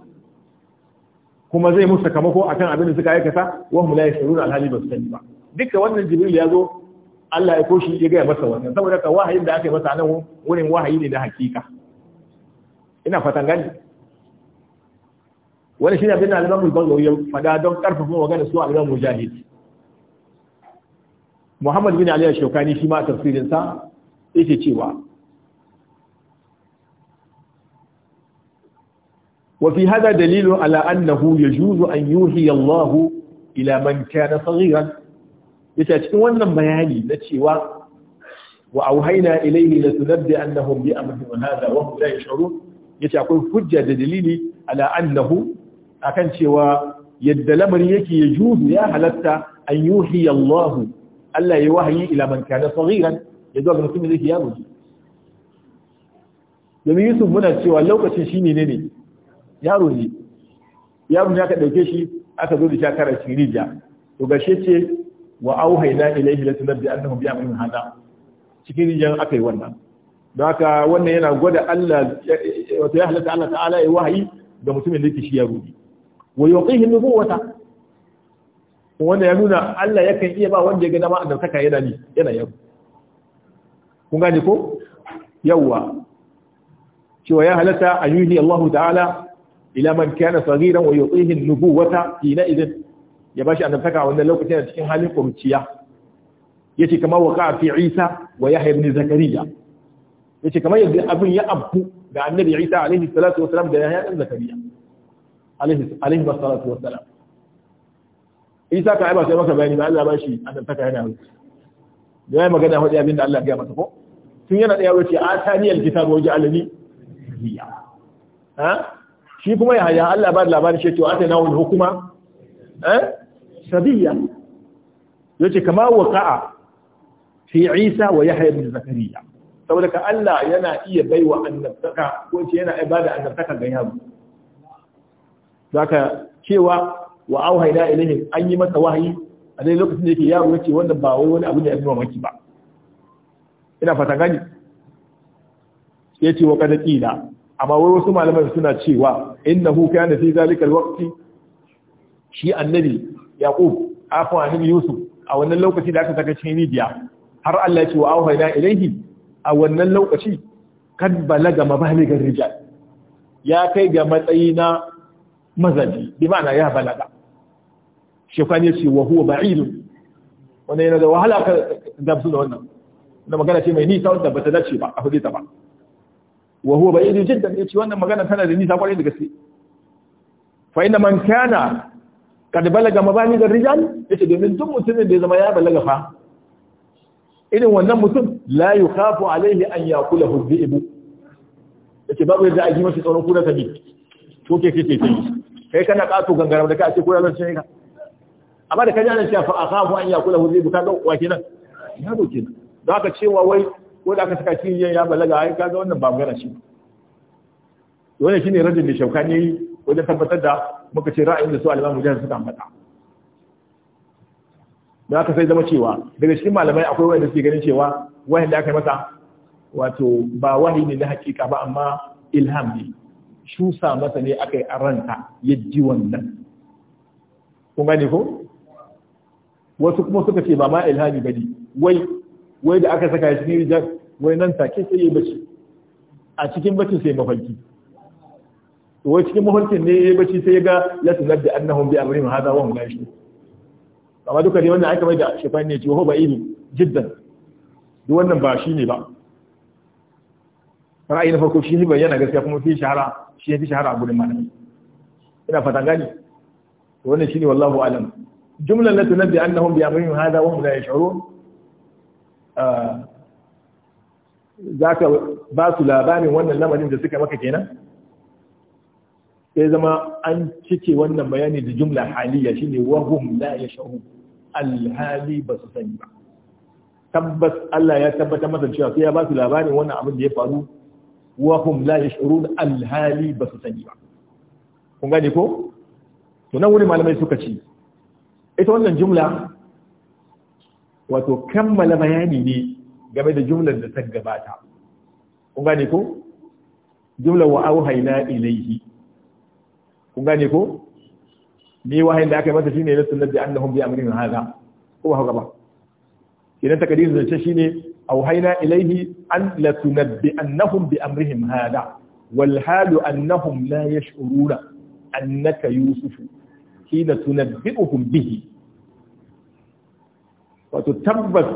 kuma zai musu sakamako akan abin da suka aikata wa hum la yashuruna alhali ba su sani ba duka wannan jibril ya zo Allah ya koshi ya gaya masa wannan saboda ka wahayin da aka yi masa nan wurin wahayi ne na hakika ina fatan gani wani shi ne abin da alimamu bazo ya faɗa don ƙarfafa magana su alimamu mujahid muhammad bin ali shokani shi ma tafsirinsa yake cewa وفي هذا دليل على أنه يجوز أن يوحي الله إلى من كان صغيرا يتأتكون wannan bayani na cewa wa auhayna ilayhi latunabbi annahum bi amrihim hadha wa hum la yash'urun yace akwai hujja da dalili ala annahu akan cewa yadda lamari yake ya juzu ya halatta an yuhi Allah Allah ya wahayi ila man kana saghiran ya zuwa ga mutumin da yake yaro domin Yusuf muna cewa lokacin shine ne ne yaro ne yaro ne aka dauke shi aka zo da shakara shirija to gashe ce wa auhayna ilayhi la tunabbi annahu bi amrin hada cikin rijan aka yi wannan don haka wannan yana gwada Allah wato ya halatta Allah ta'ala ya wahayi ga mutumin da yake shi yaro ne wa yuqihi nubuwata wanda ya nuna Allah yakan iya ba wanda ya ga dama annabtaka yana kun gane ko yawa cewa ya halatta ayyuhi Allah ta'ala ila man kana saghiran wa yutihi an-nubuwata ila idan ya bashi annabtaka wannan lokacin a cikin halin kurciya yace kama waqa fi Isa wa Yahya ibn Zakariya yace kama yadda abin ya abku ga annabi Isa alaihi salatu da Yahya ibn alaihi wasallatu wassalam isa ka aiba sai maka bayani ba Allah ba shi a taka yana wuce da yayi magana hudu abin da Allah ya masa ko tun yana da yawo ce a taniyal kitabu waje alani hiya ha shi kuma ya haya Allah ba da labari shi ce a tana wani hukuma eh sabiya yace kama waqa'a fi Isa wa Yahya ibn Zakariya saboda ka Allah yana iya baiwa annabtaka ko ce yana ibada annabtaka ga yaro zaka cewa wa auhayna ilayhim an yi masa wahayi a dai lokacin da yake yaro yace wanda ba wai wani abu ne abin mamaki ba ina fata gani yace wa kada kila amma wai wasu malaman suna cewa innahu kana fi zalika alwaqti shi annabi yaqub afa annabi yusuf a wannan lokaci da aka saka cikin rijiya har Allah yace wa auhayna ilayhi a wannan lokaci kad balaga mabaligar rijal ya kai ga matsayi na mazaji bi ma'ana ya balaga shekwani ya ce wa huwa ba'ilun wannan yana da wahala ka gamsu da wannan da magana ce mai nisa wanda ba ta dace ba a fadita ba wa huwa ba'ilun jiddan ya ce wannan magana tana da nisa kwarai da gaske fa inna man kana kad balaga mabaliga rijal yace domin duk mutumin da ya zama ya balaga fa irin wannan mutum la yukhafu alaihi an yakulahu dhi'bu yace babu yadda a ji masa tsoron kuda ta bi to ke kike yi kai kana kato gangara da ka ce ko yalan shi ka amma da kaji ana cewa fa akhafu an yakula hu zai buka ga wa kenan ya doke nan don haka cewa wai ko da aka saka shi ya balaga ai kaga wannan ba magana shi wannan shine rajin da shaukani ne wajen tabbatar da muka ce ra'ayin da su aliman mujahid suka ambata da aka sai zama cewa daga cikin malamai akwai wanda suke ganin cewa wahayin da aka yi masa wato ba wahayi ne na hakika ba amma ilham ne Shusa masa ne aka yi a ranta ya ji wannan kun gani ko wasu kuma suka ce ba ma ilhami ba wai wai da aka saka shi ne rijal wai nan take sai yi bacci a cikin bacci sai mafarki wai cikin mafarkin ne ya bacci sai ya ga la tunabbi annahum bi amrin haza wa hum la yashurun amma duka ne wannan aka mai da shafan ne ce ho ba ilu jiddan duk wannan ba shi ne ba ra'ayi na farko shi ne bayyana gaskiya kuma fi shahara shi fi shahara a gurin malami ina fatan gani wannan shine wallahu alam jumlan la tunabbi annahum bi amrin hadha wa hum la yash'urun ah, zaka ba su labarin wannan lamarin da suka maka kenan sai zama an cike wannan bayani da jumla haliya shine wa hum la yash'urun alhali ba su sani ba tabbas Allah ya tabbatar masa cewa sai ya ba su labarin wannan abin da ya faru wa hum la yash'urun alhali ba su sani ba kun gane ko to nan wuri malamai suka ce ita wannan jumla wato kammala bayani ne game da jumlar da ta gabata kun gane ko jumlar wa auhayna ilaihi kun gane ko ni wahayin da aka yi mata shine la da annahum bi amrin haza, ko ba haka ba idan takadirin zance shine أوهينا إليه أن لتنبئنهم بأمرهم هذا والحال أنهم لا يشعرون أنك يوسف حين تنبئهم به وتتبت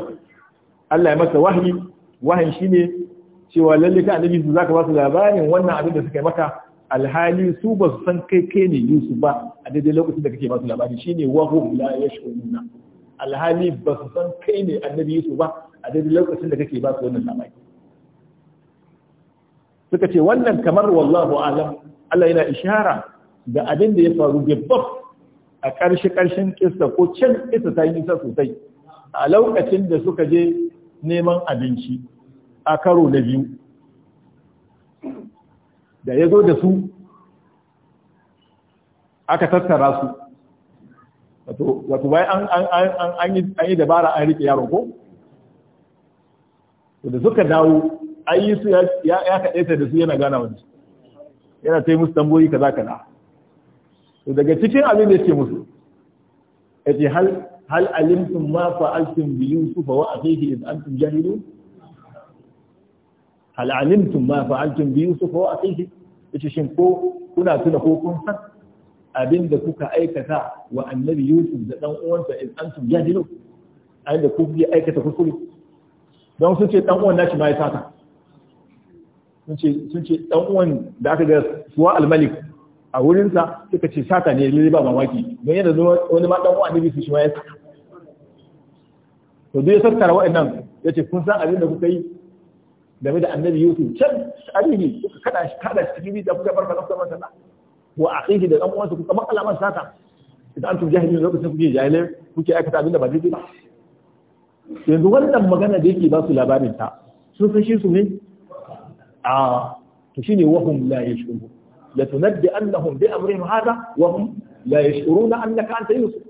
Allah ya masa wahayi wahayin shine cewa lallai ka annabi su zaka ba su labarin wannan abin da suka yi maka alhali su ba su san kai kai ne Yusuf ba a daidai lokacin da kake ba su labari shine la alhali ba san kai ne annabi Yusuf ba a daidai lokacin da kake ba su wannan mamaki suka ce wannan kamar wallahu alam Allah yana ishara da abin da ya faru gabbab a ƙarshe ƙarshen kissa ko can kissa ta yi nisa sosai a lokacin da suka je neman abinci a karo na biyu da ya zo da su aka tattara su wato bayan an yi dabara an rike yaron ko da suka dawo yi su ya kaɗe ta da su yana gana wani yana ta yi musu tamboyi kaza kaza to daga cikin abin da yake musu yace hal hal alimtum ma fa'altum bi yusuf wa akhihi id antum jahilun hal alimtum ma fa'altum bi yusuf wa akhihi yace shin ko kuna tuna ko kun san abin da kuka aikata wa annabi yusuf da dan uwansa id antum jahilun ai da kuka aikata kuskure don sun ce dan uwan nashi ma ya sata sun ce ɗan’uwan dan da aka ga suwa almalik a wurinsa suka ce sata ne lili ba mamaki don yana wani ma dan ne annabi su shi ma ya sata to duk ya tattara waɗannan ya ce kun san abin da kuka yi game da annabi yusuf can tarihi kuka kada shi kada shi cikin da kuka farfa kuka masa na wa akhihi da dan uwansa kuka makala masa sata idan antum jahilin lokacin kuke jahilai kuke aikata abin da ba daidai ba yanzu wannan magana da yake ba su labarin ta sun san shi su ne a to shine wahum la yashuru la tunabbi annahum bi amrihim hada wahum la yashuruna annaka anta yusuf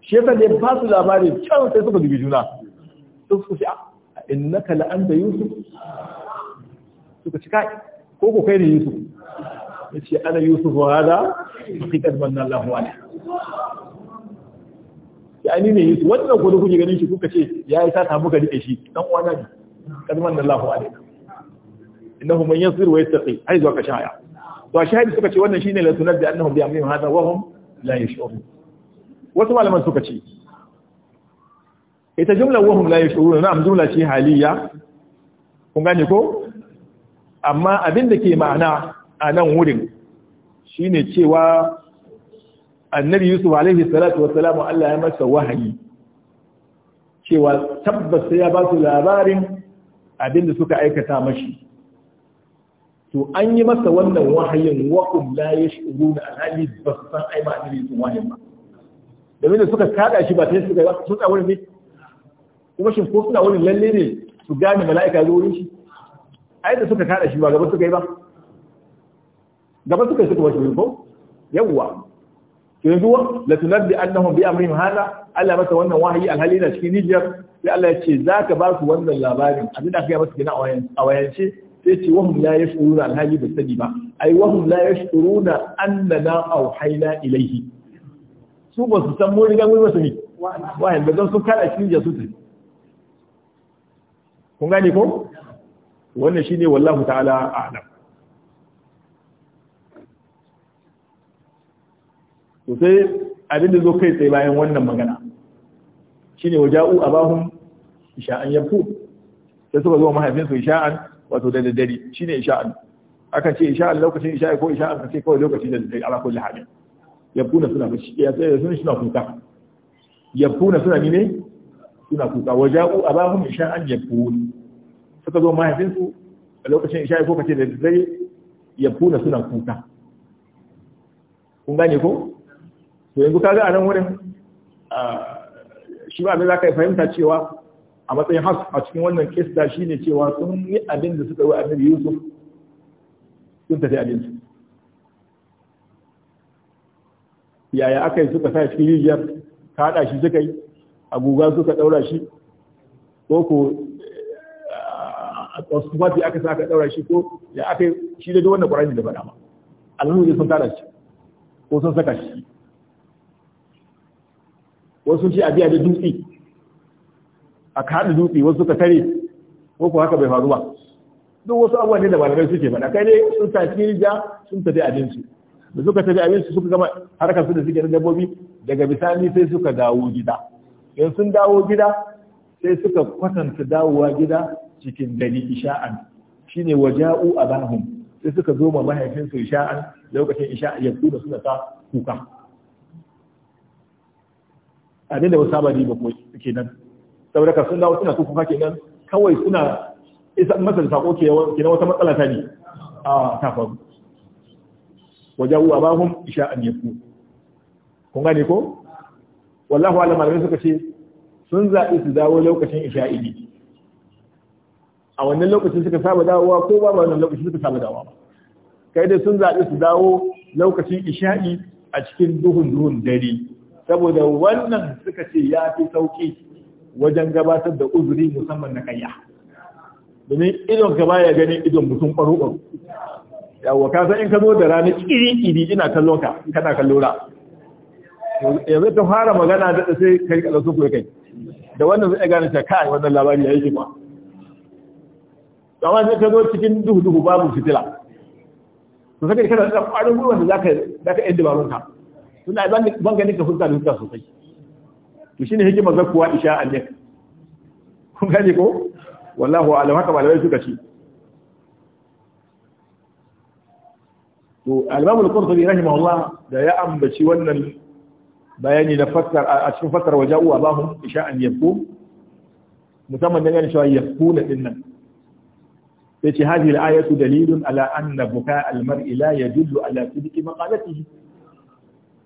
shi yasa da ba su labarin can sai suka dubi juna sun suka ce innaka la anta yusuf suka ci kai ko ko kai ne yusuf yace ana yusuf wa hada haqiqatan manallahu alaihi ya ainihi ne su wannan ko da kuke ganin shi kuka ce ya yi sata muka rike shi dan uwana ne kalman da Allahu alaika innahu man yasir wa yattaqi ai zuwa kashaya to a shahidi suka ce wannan shine la sunar da annahum bi amrihim hada wa hum la yash'urun wasu malaman suka ce ita jumla wa hum la yash'urun na'am jumla ce haliya kun gane ko amma abin da ke ma'ana a nan wurin shine cewa annabi yusuf alaihi salatu wassalam Allah ya masa wahayi cewa tabbas ya ba su labarin abin da suka aikata mashi to an yi masa wannan wahayin kum la yashuruna alhali ba su san ai ma annabi yusuf wahayin ba domin da suka kada shi ba ta yi suka yi sun tsawon ne kuma shi ko suna wurin lalle ne su gane mala'ika zo wurin shi ai da suka kada shi ba gaba suka yi ba gaba suka yi suka wasu ko yawwa to yanzu la tunabbi annahum bi amrihim hada Allah masa wannan wahayi alhali na cikin Niger sai Allah ya ce zaka ba su wannan labarin da aka yi masa gina a wayance sai ce wahum la yashuruna alhali ba sani ba ai wahum la yashuruna annana haina ilayhi su ba su san mu riga mu ba su ne wahayi da sun kada cikin Niger su kun gane ko wannan shine wallahu ta'ala a'lam to sai abin da zo kai tsaye bayan wannan magana shine waja'u abahum isha'an yafu. sai suka zo mahaifinsu isha'an wato da daddare shine isha'an akan ce isha'an lokacin isha'i ko isha'an kan ce kawai lokacin da daddare ala kulli halin yafuna suna bashi ya sai sun suna kuka yafuna suna ne suna kuka waja'u abahum isha'an yafu. suka zo mahaifinsu a lokacin isha'i ko kace da daddare yafuna suna kuka kun gane ko to yanzu kaga a nan wurin shi ba za ka fahimta cewa a matsayin hasu a cikin wannan kista shi ne cewa sun yi abin da suka yi annabi yusuf sun tafi abin su yaya aka yi suka sa cikin rijiyar haɗa shi suka yi a guga suka ɗaura shi ko ko wasu mafi aka sa aka ɗaura shi ko ya aka yi shi da wannan ƙwararri da faɗa ma alhamdulillah sun tara shi ko sun saka shi wasu shi a biya da dutse a kaɗa dutse wasu suka tare ko kuwa haka bai faru ba duk wasu abuwa ne da malamai suke faɗa kai ne sun tafi rija sun tafi abinci da suka tafi abinci suka gama harkar su da suke na dabbobi daga bisani sai suka dawo gida in sun dawo gida sai suka kwatanta dawowa gida cikin dali isha'an shine waja'u abahum sai suka zo ma mahaifinsu isha'an lokacin isha'an ya kuda suna ta kuka abin da ba saba ne ba kuma nan. saboda ka suna suna su ke nan kawai suna isa masa da sako ke nan wata matsala ta ne a ta uwa ba hun isha an yaku kun gane ko wallahu ala malamai suka ce sun zaɓi su dawo lokacin isha ne a wannan lokacin suka saba dawowa ko ba wannan lokacin suka saba dawowa kai dai sun zaɓi su dawo lokacin isha'i a cikin duhun duhun dare saboda wannan suka ce ya fi sauki wajen gabatar da uzuri musamman na kayya domin idon ka baya ganin idon mutum ƙwaro ƙwaro yawa ka san in ka zo da rana iri iri ina kallon ka kana kallo ra yanzu ta fara magana da sai kai ka su kai da wannan zai gane ta kai wannan labari yayi ba amma sai ka zo cikin duhu duhu babu fitila to saka kana da ƙwarin gwiwa da za ka yi dabarunka. tunda ban ganin ka hulka da hulka sosai to shine hikima ga kuwa isha annaka kun gane ko wallahu alam haka malamai suka ce to al-imam al-qurtubi rahimahullah da ya ambaci wannan bayani da fassar a cikin fassar waja'u abahum isha'an yaqum musamman dangane cewa yaquna din nan yace hadhihi al-ayatu dalilun ala anna buka al-mar'i la yadullu ala sidqi maqalatihi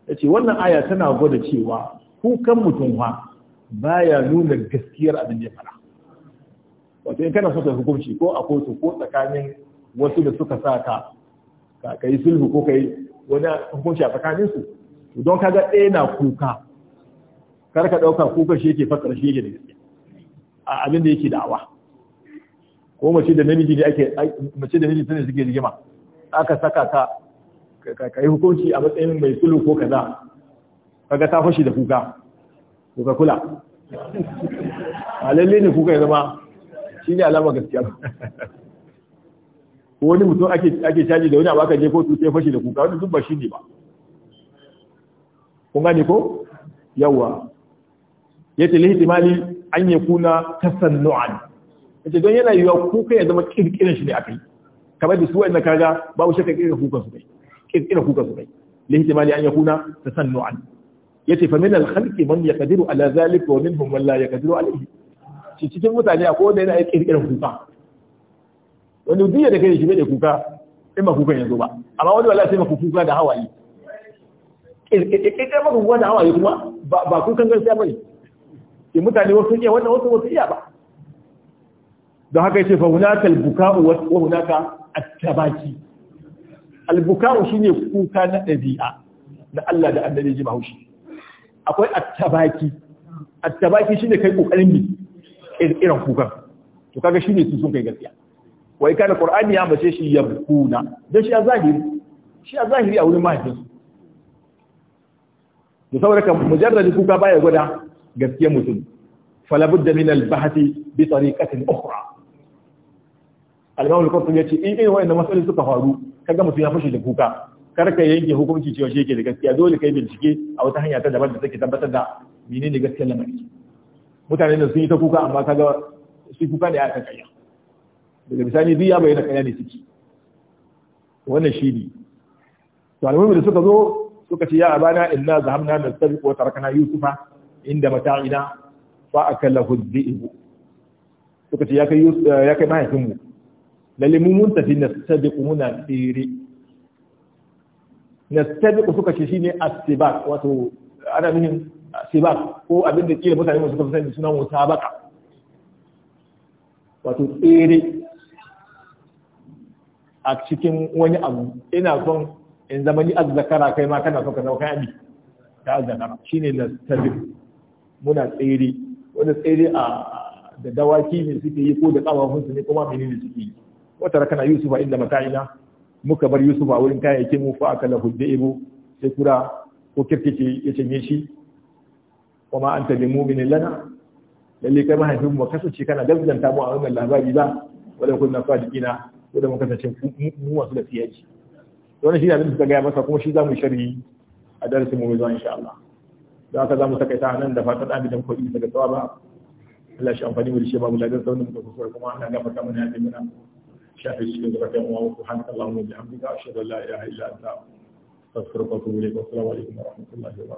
yace wannan aya tana gwada cewa kukan mutum ba baya nuna gaskiyar abin da fara wato in kana so ka hukunci ko a kotu ko tsakanin wasu da suka sa ka ka yi sulhu ko kai wani hukunci a tsakanin su don kaga ɗaya na kuka kar ka ɗauka kuka shi yake fassara shi yake da gaskiya a abin da yake da'awa ko mace da namiji ne ake mace da namiji ne suke rigima aka saka ka ka yi hukunci a matsayin mai kulu ko kaza kaga ta fashi da kuka kuka ka kula a lalle ne kuka ya zama shi ne alama gaskiya ko wani mutum ake caji da wani abu aka je kotu sai fashi da kuka wani duk shi ne ba kun gane ko Yawwa. ce yace lihtimali an yakuna Ya ce don yana yiwuwa kuka ya zama kirkirin shi ne kai. kamar da su wa'annan kaga babu shakka kirkirin kukan su kai kirkira kuka su kai li an yakuna tasannu'an yace fa min al khalqi man yaqdiru ala zalika wa minhum man la yaqdiru alayhi ci cikin mutane a wanda yana kirkira kuka wani duniya da kai shi bai kuka in ba kukan yanzu ba amma wani wallahi sai ma kuka da hawaye kirkirkirkirkir da hawaye kuma ba bane mutane wasu iya wannan wasu wasu iya ba don haka yace fa hunaka al-buka'u wa hunaka at albuka'u ne kuka na ɗabi'a da Allah da annabi ji bahaushe akwai attabaki attabaki ne kai ƙoƙarin bi irin kukan to kaga shi ne su sun kai gaskiya wai kana qur'ani ya bace shi ya yabkuna dan shi a zahiri shi a zahiri a wurin mahaifinsu da saboda kan mujarrad kuka baya gwada gaskiyar mutum fala budda min al bi tariqatin ukhra al-imam al-qurtubi yace in irin wa'annan matsalolin suka faru kaga mutum ya fushi da kuka kar ka yanke hukunci cewa shi yake da gaskiya dole kai bincike a wata hanya ta daban da take tabbatar da menene gaskiyar lamari mutane da sun yi ta kuka amma kaga shi kuka ne aka kaya daga bisani duk ya bayyana kaya ne suke wannan shi ne to almuhimmi da suka zo suka ce ya abana inna zahamna nastabiq wa tarakna yusufa inda mata'ina fa akalahu dhi'bu suka ce ya kai mahaifinmu lalle mu mun tafi nastabiqu muna tsere nastabiqu suka ce shine a sibaq wato ana nufin sibaq ko abin da kila mutane mu suka fi sani suna musabaqa wato tsere a cikin wani abu ina son in zama ni azzakara kai ma kana son ka zama kai ta azzakara shine nastabiqu muna tsere wani tsere a da dawaki ne suke yi ko da kafafun su ne kuma menene suke yi wata rakana a inda mata'ina muka bar Yusuf a wurin kayayyakin mu fa aka lahu da'ibu sai kura ko kirkice ya canye shi wa ma anta bi mu'minin lana lalle kai mahaifin mu kasance kana gaskanta mu a wannan labari ba na kunna kina, ko da mu kasance mu wasu da fiyaji wannan shi ne abin da suka gaya masa kuma shi za mu sharhi a darasin mu mai zuwa insha Allah da haka za mu saka ita nan da fatan abin da kuɗi daga ba. Allah shi amfani mu da shi ba mu ladan sauran mu da kuma ana gafarta mana ya taimaka شافي صدرك وسبحانك اللهم وبحمدك أشهد أن لا إله إلا أنت أستغفرك وأتوب إليك والسلام عليكم ورحمة الله وبركاته